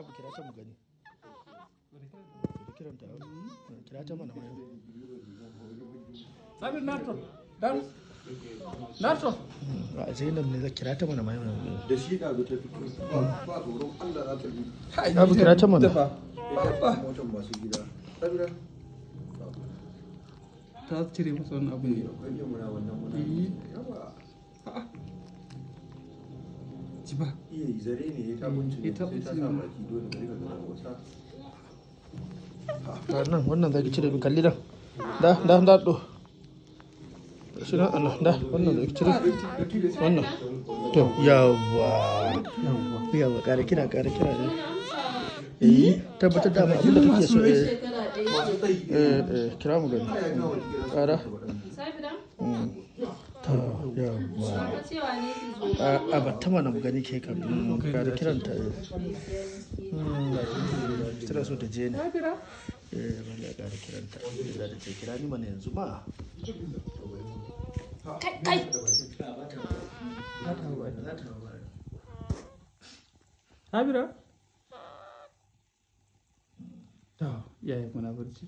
abu kira ta mu gani ta kira ta mana mana sabin nato dan nato a zainab ne kira ta mana da shi da ta fito ba tsoron Allah za ta bi abu kira ta mana motan masu gida sabira ta cire masa wannan abu ne ji ba iya zare ne ta eh, dole ka rika ganin ah, nan wannan zaki cire min kalli da da da da do shi ana da wannan zaki cire wannan to yawa yawa kare kira kare kira ne eh tabbatar da abin da kake so eh eh, eh kira mu gani kara a ba ta mana gani ke kan ga da kiran ta hmm, tana so ta je ne eh ba da ga kiran ta da da ce kira ni mana yanzu ba kai kai barci.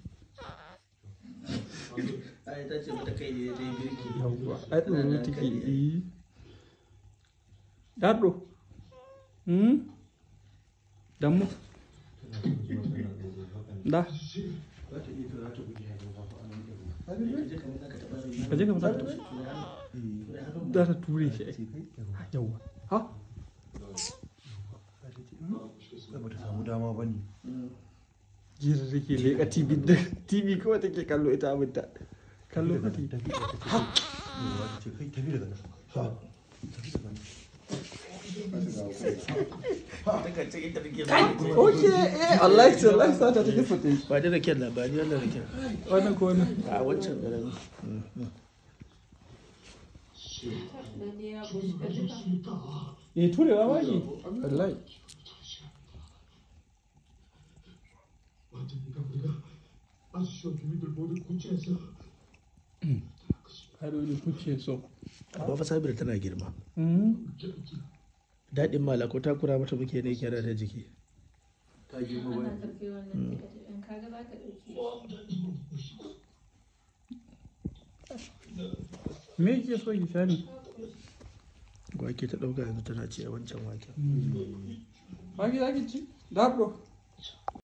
ai ta ce mata kai ne dai birki yawwa ai ta ne take yi dado da ka je ka mata za ta ture shi yawwa ha ba ta samu dama ba ne jira take leƙa tv da tv kuma take kallo ita kallo ka take Allah ya ce, Allah ya sa ta fute. Ba da ba Wannan ko wannan? A wancan Eh, ba shi? 가져니까 우리가 모두 구치해서 구치해서 girma hmm? daɗin mala ko takura mata muke ne kera ta jiki ta hmm. me ke so ki sani ta ɗauka yanzu tana ci a wancan wake wake hmm. za ki ci